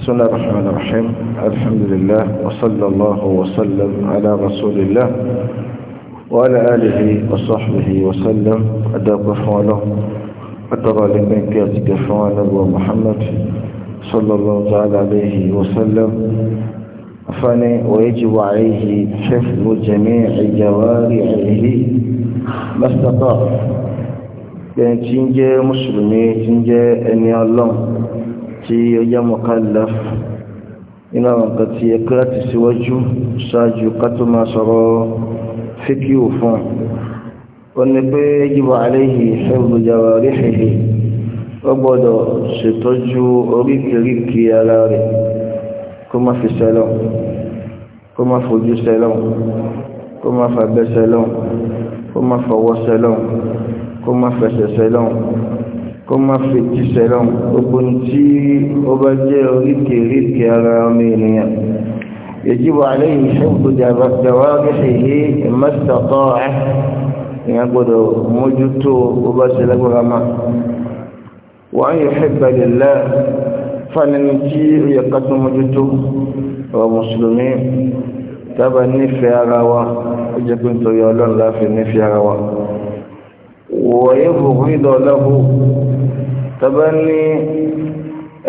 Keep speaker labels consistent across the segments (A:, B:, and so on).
A: بسم الله الرحمن الرحيم الحمد لله وصلى الله وسلم على رسول الله وعلى آله وصحبه وسلم أداب فعله أترى لمن كاتك فعل أبو محمد صلى الله تعالى عليه وسلم فاني ويجب عليه حفظ جميع جوارحه ما استطاع يعني تنجي مسلمي تنجي أني الله tí ó jẹ́ mukallaf nínú àwọn nǹkan tí ẹ kíra ti síwájú ṣáájú ká tó máa sọ̀rọ̀ fíkíù fún ó ní pé yajibu alayhi hifdhu jawarihihi ó gbọ́dọ̀ ṣètọ́jú oríkèríkè ara rẹ̀ kó má fi sẹ́lọ̀ kó má fojú sẹ́lọ̀ kó má fàbẹ́ sẹ́lọ̀ kó má fọwọ́ sẹ́lọ̀ kó má fẹsẹ̀ sẹ́lọ̀ kó má fetí sẹ́lọ̀n gbogbo tí ó bá jẹ́ oríkèéríkèé ara ọmọ ènìyàn يجب عليه حفظ جوارحه ما استطاع يقول مجت وبس لغرما وأن يحب لله فننتي يقت مجت ومسلمين تبا نفي أغوى جكنت يولون لا في نفي أغوى ويبغض له tọ́bá ní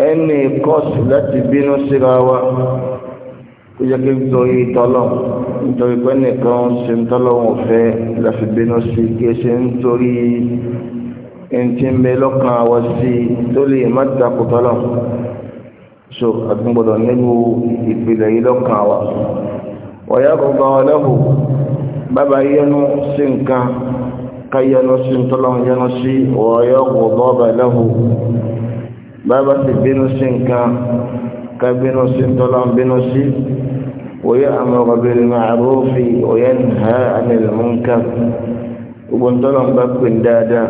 A: ẹni kọ́ọ̀sì láti bínú síra wa kó jẹ́ kí nítorí tọ́lọ̀ nítorí pé nìkan ṣe ń tọ́lọ̀ wọn fẹ́ láti bínú sí kí ṣe ń torí ẹntì ń bẹ lọ́kàn wa sí tó lè má takò tọ́lọ̀ so àtúngbọ̀dọ̀ nínú ìpìlẹ̀ yìí lọ́kàn wa wọ́n yá kó gbọ́n lẹ́hùn bàbá yẹnu sí nǹkan káyẹnu sí tọ́lọ́run yẹnu sí ọ̀yọ́ kò bọ́ọ̀bà lẹ́hù bàbá ti bínú sí nǹkan ká bínú sí tọ́lọ́run bínú sí wòye àmọ́rọ̀ bèrè máa rófì òye nìhà àmìlẹ̀mú nǹkan gbogbo tọ́lọ́run bá pè dáadáa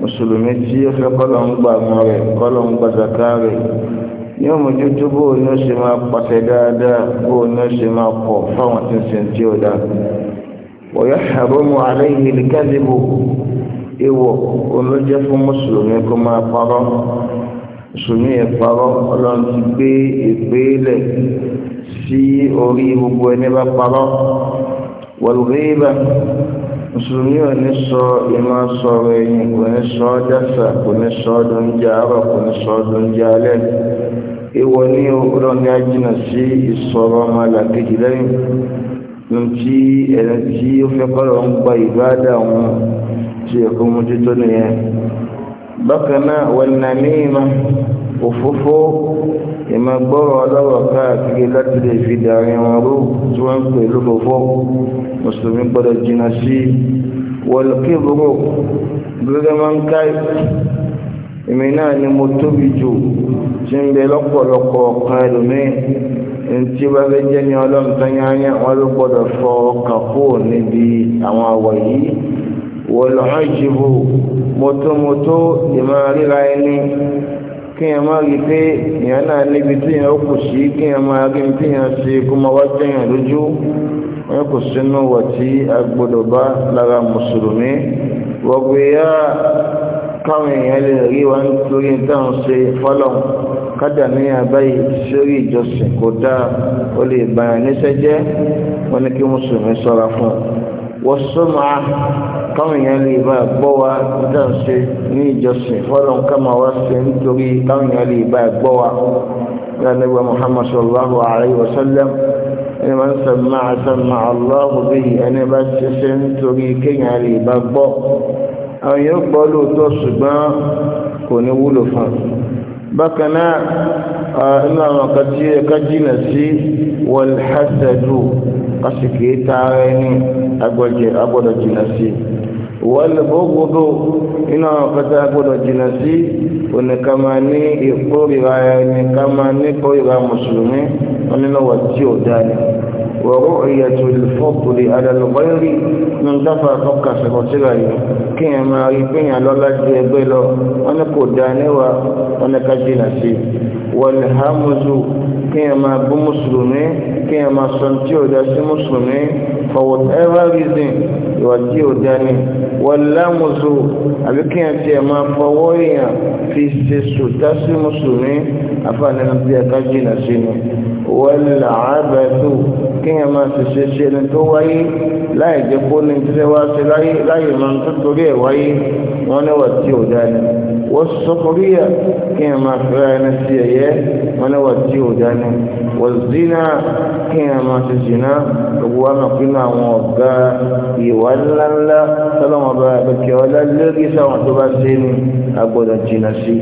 A: mùsùlùmí tí ó fẹ́ kọ́lọ̀ ń gbà mọ́ rẹ̀ kọ́lọ̀ ń gbà zaka rẹ̀ ní òmùjútú bó o ní ó ṣe máa pàṣẹ dáadáa bó ní ó ṣe máa kọ̀ fáwọn tí ń sin tí ويحرم عليه الكذب ìwọ̀ olójẹ́ fún mùsùlùmí kó máa parọ́ mùsùlùmí yẹn parọ́ ọlọ́run ti gbé ìpèlẹ̀ sí orí gbogbo ẹni bá parọ́ wọ̀lùbíyìbá mùsùlùmí ò ní sọ ìmọ̀ sọ̀rọ̀ ẹ̀yìn kò ní sọ ọ́ dàsà kò ní sọ ọ́ dùnjẹ àárọ̀ kò ní sọ ọ́ dùnjẹ alẹ́ ìwọ ní ọlọ́run ní ajínà sí ìsọ̀rọ̀ ọmọ làkejì lẹ́yìn tí ẹni tí ó fẹ́ kọ́lọ̀ ń gba ìbáàdà wọn tí ẹ̀kọ́ mú títọ́ nìyẹn bákan náà wọn nà ní ìmọ̀ òfófó ìmọ̀ gbọ́rọ̀ ọlọ́rọ̀ káàkiri láti lè fi dàrin wọn ró tí wọ́n ń pè lófófó mùsùlùmí gbọ́dọ̀ jìnnà sí wọlùkébùrò gbẹgbẹ́ máa ń ká èmi náà ni mo tóbi jù tí ń bẹ lọ́pọ̀lọpọ̀ ọ̀kan ẹlòmíín ntí wọ́n fẹ́ jẹ́ ní ọlọ́run tó yányá wọn ló gbọ́dọ̀ fọ ọkàn kú níbi àwọn àwọ̀ yìí wọ́n lọ́ọ́ jìbò mọ́tòmọ́tò ìmọ̀ ríra ẹni kéèyàn máa rí pé èèyàn náà níbi téèyàn ó kù sí kéèyàn máa rí ní téèyàn ṣe kó máa wá téèyàn lójú wọn kò sínú wọ̀ tí a bá lára mùsùlùmí wọ́n yá káwọn èèyàn lè rí wọn lórí táwọn ṣe fọ́lọ̀ kádà ní àbáyé sórí ìjọsìn kò dáa ó lè bàyà níṣẹ́ jẹ́ wọn ni kí mùsùlùmí sọ́ra fún wọ́n sọ́mà káwọn èèyàn lè bá gbọ́ wa táwọn ṣe ní ìjọsìn fọ́lọ̀ káwọn wá ṣe nítorí káwọn èèyàn lè bá gbọ́ wa lánàgbà Muhammad sallallahu alayhi wa sallam ẹni máa ń sàmà àsàmà Allahu bihi ẹni bá ṣe ṣe nítorí kéèyàn lè bá gbọ́ àwọn yóò gbọ́ lóòótọ́ ṣùgbọ́n kò ní wúlò fún un bákan náà inú àwọn kan tí ẹ̀ka jìnà sí wal hasadu kásìkì tààrà ẹni agbọ́dọ̀ jìnà sí wal bughdu inú àwọn kan agbọ́dọ̀ jìnà sí oníkà ní ìkórìíra ẹni ká ní ìkórìíra mùsùlùmí wọn wà tí ò dáa ورؤية الفضل على الغير من دفع فقا سبسيرا كي ما يبين لولا جيبلو أنا كوداني وأنا كجينا سي والهمز كي ما بمسلمي كي ما سنتيو داسي مسلمي for whatever reason ìwà tí ò dání wọ́n lámùsù àbí kí ẹ̀ tí ẹ̀ máa fọwọ́ èèyàn fi ṣe sùtá sí mùsùlùmí afáàlẹ́nu bí ẹ̀ká jìnà sínú wọ́n làábẹ̀tù kí ẹ̀ máa ti ṣe ṣe ẹni tó wáyé láì jẹ́ kó ní ti ṣe láyé máa ń tó torí ẹ̀ wáyé wọn lẹ́wà tí ò dání wọ́n sọkọríyà kí n máa fẹ́ ẹni sí ẹ̀yẹ wọn lẹ́wà tí ò dání wọ́n zina kí n máa ṣe jìnnà gbogbo wa máa pinnu àwọn ọ̀gá ìwà ńláńlá sọlọ́wọ́n bá ẹ̀kẹ́ ọlá lórí sáwọn tó bá ṣe ni a jìnnà sí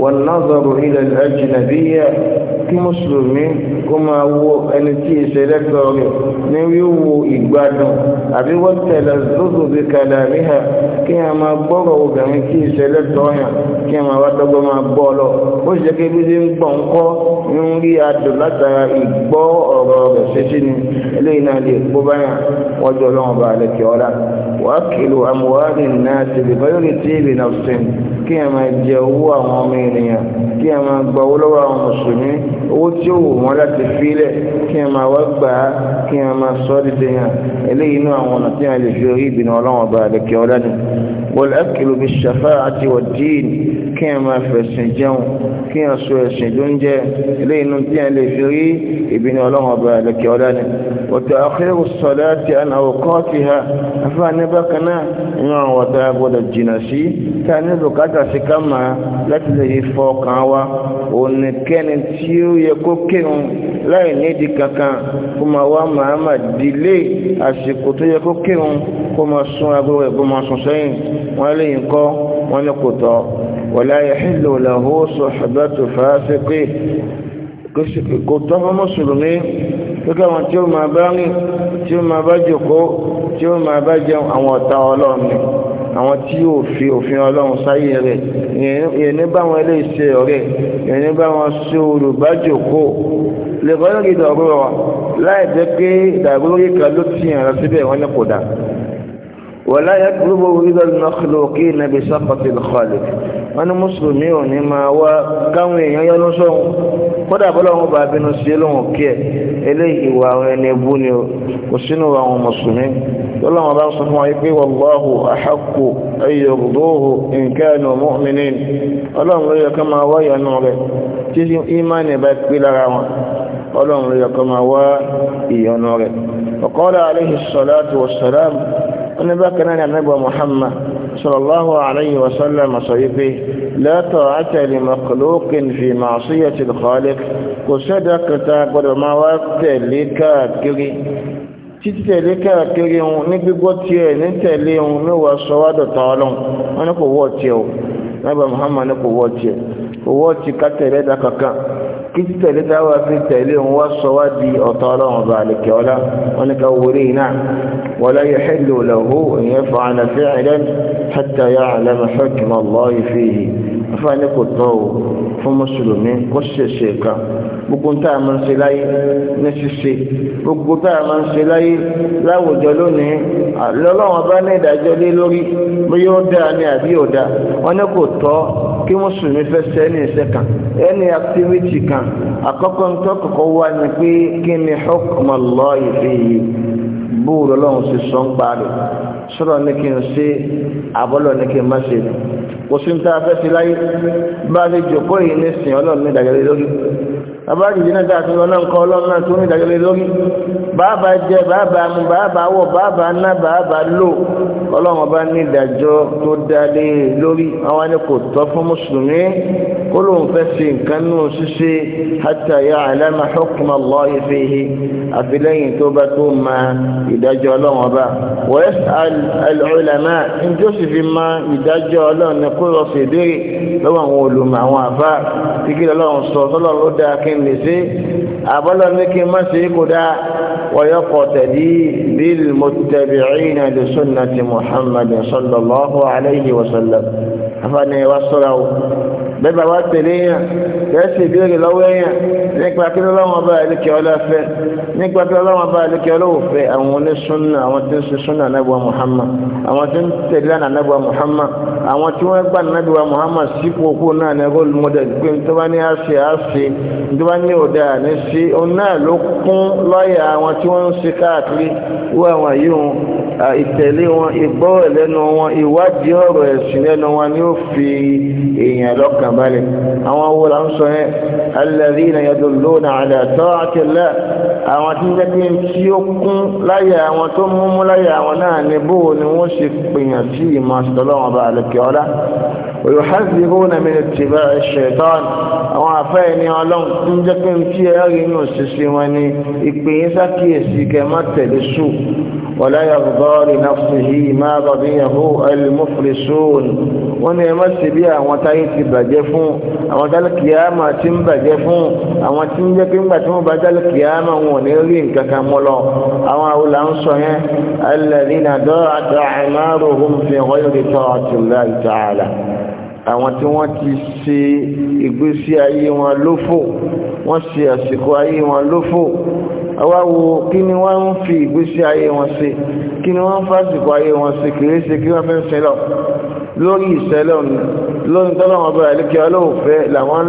A: wọ́n náà sọ̀rọ̀ ilẹ̀ ajínàbíyà kí mùsùlùmí kó máa wo ẹni tí ìṣẹ̀lẹ̀ kọ̀ rẹ̀ ní wíwo ìgbádùn àbí wọ́n tẹ̀lé zózò bí kàdàmíhà kí n máa gbọ́rọ̀ obìnrin kí ìṣẹ̀lẹ̀ tọyàn kí ẹ máa wá dọgbọ máa gbọ́ lọ ó sì jẹ kí ebi ṣe ń gbọ́ ńkọ ń rí adùn látara ìgbọ́ ọ̀rọ̀ rẹ̀ ṣẹṣẹ ni eléyìí náà lè kó báyàn wọjọ Ọlọ́run bá lè kí ọlá wàá kìlò àmúwárì náà ti lè báyọ̀ lè tí ìbìnà Ọlọ́run wọ̀lẹ́kìlú bí ṣàfá àti wọ̀díìn kí ẹ máa fẹ̀sìn jẹun kí ẹ sọ ẹ̀sìn ló ń jẹ ilé inú tí ẹ lè fi rí ìbínú ọlọ́run ọba ẹ̀lẹ́kẹ̀ ọ̀dá ni wọ̀tà àkẹ́rù sọ̀dá ti àná òkọ́ ti ha afá ní bákan àwọn ọ̀tá gbọ́dọ̀ jìnà sí tá ní bùkátà sí ká máa láti lè fọ ọkàn wa òníkẹ́ni tí ó yẹ kó kírun láì nídìí kankan kó máa wá màá kó máa sún abẹ́ rẹ̀ kó máa sùn sẹ́yìn wọ́n lè yín kọ́ wọ́n ní kò tọ́ wala yahillu lahu suhbatu fasiqi kò tọ́ fún mùsùlùmí kíkọ́ àwọn tí ó máa bá rìn tí ó máa bá jòkó tí ó máa bá jẹun àwọn ọ̀tá ọlọ́run ni àwọn tí yóò fi òfin ọlọ́run sáyé rẹ̀ ìyẹnì bá wọn ilé ọ̀rẹ́ ìyẹnì bá wọn ṣe olùbájòkó lè kọ́ lórí ìdọ̀rọ̀ láì jẹ́ pé ìdàgbórí kan ló ti yàn lọ síbẹ̀ wọ́n ní kò dáa wọ̀lá yẹ gbogbo ìdọ̀ lọ́kìlọ́kì nàbí sápàtì lọ́kọ̀lẹ̀ wọn ni mùsùlùmí ò ní máa wá káwọn èèyàn yọ lọ́sọ̀hún kódà bọ́lá wọn bá bínú sí ẹlòmùn kí ẹ eléyìí ìwà àwọn ẹni ẹbú ni kò sínú àwọn mùsùlùmí lọ́la wọn bá sọ fún wa pé wàlláhu àhàkù ayọ̀gbọ́hù nkánu mọ́mìnín ọlọ́run ló yẹ ká máa wá yanu rẹ̀ tí ìmánì bá pé lára wọn ọlọ́run ló yẹ ká máa wá ìyanu rẹ̀ ọ̀kọ́lá aláìsí sọ̀lá oníbàkan náà ní anábọ̀ Muhammad sallallahu alayhi wa sallam sọ wípé la ta'ata li makhluqin fi ma'siyati al-khaliq kò sẹ́dá kẹta gbọ́dọ̀ máa wá tẹ̀lé káàkiri títí tẹ̀lé káàkiri wọn ní gbígbọ́ tiẹ̀ ní tẹ̀lé wọn ní wàá sọ wá dọ̀tà ọlọ́run wọn ní kò wọ́ tiẹ̀ kí títẹ̀lé táwa fi tẹ̀lé ń wá sọ wá di ọ̀tá ọlọ́run ọba àlèkè ọlá wọn ni ká wòlé iná wọlé yóò xẹ́lò lọ́hó ìyẹn fàánà fi ẹ̀dẹ́n hàtà yà àlẹ́mà xọ́kìmọ̀ lọ́ọ̀yì fìhì afáàní kò tọ́ o fún mùsùlùmí kó ṣèṣe kí mùsùlùmí fẹ́ ṣe ẹni iṣẹ́ kan ẹni activity kan àkọ́kọ́ ń tọ́ kọ̀kọ́ wá pé kí ni hukmullahi fihi bóòrò lọ́run ṣe sọ ń pa rẹ̀ sọ́rọ̀ ní kí n ṣe àbọ́lọ̀ ní kí n má ṣe ni kò sí ń tá a fẹ́ sí láyé bá lè jòkó yìí ní sìn ọlọ́run ní ìdàgẹ́lẹ́ lórí bàbá àjèjì náà dáa sí ọlọ́run kan ọlọ́run náà tó ní ìdàgẹ́lẹ́ lórí bàbá jẹ bàbá mu bàbá wọ̀ bàbá ná bàbá lò ọlọ́run ọba ní ìdàjọ́ tó dálé lórí àwọn ni kò tọ́ fún mùsùlùmí kó lóun fẹ́ ṣe nǹkan nù ṣíṣe hatta ya'lama hukma Allahi fihi àfilẹ́yìn tó bá tó máa ìdájọ́ ọlọ́run ọba west al-ulama njó sì fi mọ ìdájọ́ ọlọ́run ní kó lọ ṣèbéèrè lọ́wọ́ àwọn olùmọ̀ àwọn àbá tí kí sọ tọ́lọ́run ó dáa kí n lè ṣe àbọ́lọ́ ní kí n má ṣe é kó dáa ويقع تدين بالمتبعين لسنة محمد صلى الله عليه وسلم أفني وصلوا bẹ́ẹ̀ wá tẹ̀lé yàn kẹ́sì ìbéèrè lọ́wọ́ yàn nípa kí lọ́wọ́ bá ẹ̀lẹ́kẹ́ ọlọ́fẹ́ nípa kí lọ́wọ́ bá ẹ̀lẹ́kẹ́ ọlọ́wọ́fẹ́ àwọn onísúnà àwọn tí ń ṣe súnà anábọ̀ Muhammad àwọn tí ń tẹ̀lé àná anábọ̀ Muhammad àwọn tí wọ́n gbà anábọ̀ Muhammad sípò kú náà ní role model pé tó bá àṣẹ àṣẹ tó ọ̀dà ní sí òun ló kún lọ́yà àwọn tí wọ́n ń ṣe káàkiri wọ́n àwọn yìí ìtẹ̀lé wọn ìgbọ́ ẹ̀lẹ́nu wọn ìwádìí ọ̀rọ̀ ẹ̀sìn lẹ́nu wọn ni ó fi èèyàn lọ́kàn balẹ̀ àwọn wo la ń sọ yẹn alladhina yadulluna ala ta'atillah àwọn tí ń jẹ́ pé tí ó kún láyé àwọn tó múmú láyé àwọn náà ni bóò ni wọ́n ṣe pèèyàn sí ìmọ̀ àṣìtọ́lọ́wọ́n bá àlùkẹ́ ọlá ويحذرون من اتباع الشيطان àwọn àfẹ́ẹ̀ni ọlọ́run ń jẹ́ pé ń tí ẹ̀rí inú òṣìṣẹ́ wọn ni ìpèyín sákìyèsí kẹ má tẹ̀lé ṣù wọ́lá yàgbọ́ أبصار نفسه ما ضبيه المفلسون ونعمت بها وتعيت بجفون àwọn dálé kìáàmà tí ń bàjẹ́ fún àwọn tí ń jẹ́ pé ńgbà tí wọ́n bá dálé kìáàmà wọn ò ní rí nǹkan kan mọ́ lọ àwọn àwòlà ń sọ yẹn alladhina da'at a'maruhum fi ghayri ta'ati Allahi ta'ala àwọn tí wọ́n ti ṣe ìgbésí ayé wọn lófò wọ́n ṣe àsìkò ayé wọn lófò àwa wo kí ni wọ́n ń fi ìgbésí ayé wọn ṣe kí ni wọ́n ń fásitì ayé wọn ṣe kìí ṣe kí wọ́n fẹ́ ṣẹlọ lórí ìṣẹlẹ̀ lónìí tọ́lọ́wọ́n bá ẹ̀lẹ́kẹ́ ni wọ́n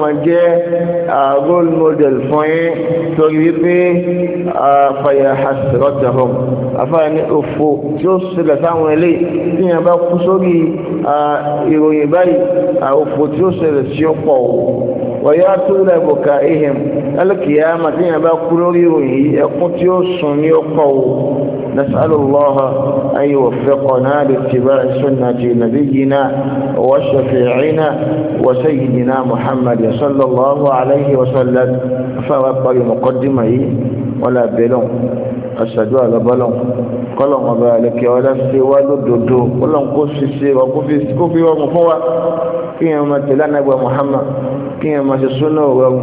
A: máa jẹ́ model fún yín torí wípé fàyà hasrọ́tà hàn àfáà ní òfò tí ó ṣẹlẹ̀ sáwọn eléyìí ìròyìn báyìí àwòfò tí ó ṣẹlẹ̀ sí ọ̀pọ̀ wọ̀yá tó lẹ́bù ká ihim alìkìyà màtíyàn bá kú lórí ìròyìn yìí ẹkún tí ó sùn ní ọ̀pọ̀ نسأل الله أن يوفقنا لاتباع سنة نبينا وشفيعنا وسيدنا محمد صلى الله عليه وسلم فوق المقدمة ولا بلون أشهد على بلون kọ́lọ̀ wọn bá lẹ́kẹ̀ ọ̀dá ṣe wá lódodo kọ́lọ̀ kó fi ṣe wọ́n kó fi rọrùn fún wa kí yẹn máa tẹ̀lé anábọ̀ Muhammad kí yẹn máa ṣe súnà rọrùn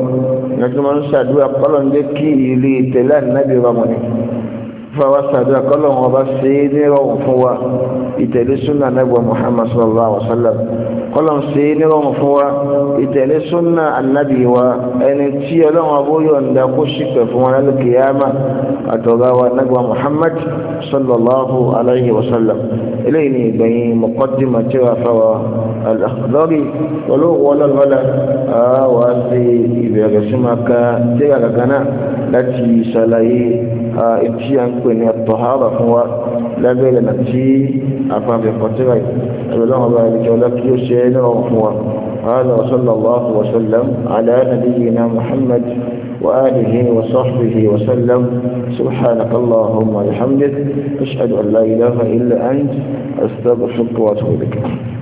A: ìyẹn tó máa ń ṣàdúrà kọ́lọ̀ jẹ́ kí ìlú tẹ̀lé anábì rọrùn fáwọn sàdúrà kọ́lọ́hún ọba ṣe é nírọ̀rùn fún wa ìtẹ̀lé súnà nàgbà muhammad sallallahu alaihi wa sallam kọ́lọ́hún ṣe é nírọ̀rùn fún wa ìtẹ̀lé súnà ànábì wa ẹni tí ọlọ́run abóyọ̀ ń kó ṣìpẹ̀ fún wa lálẹ́ kìyàmà àtọ̀gá wa nàgbà muhammad sallallahu alaihi wa sallam eléyìí ni ìgbẹ̀yìn mọ̀kọ́dìmọ̀ tí fáwọn alàkùdọ́rì olóòwò ọlọ́lọ́lá ìtí à ń pè ní àtọ̀hárà fún wa lábẹ́ ìlànà tí ìrọ̀lọ́wọ́ ìjọ lọ́kí ó ṣe fún wa هذا وصلى الله وسلم على نبينا محمد وآله وصحبه وسلم سبحانك اللهم وبحمدك أشهد أن لا إله إلا أنت أستغفرك وأتوب إليك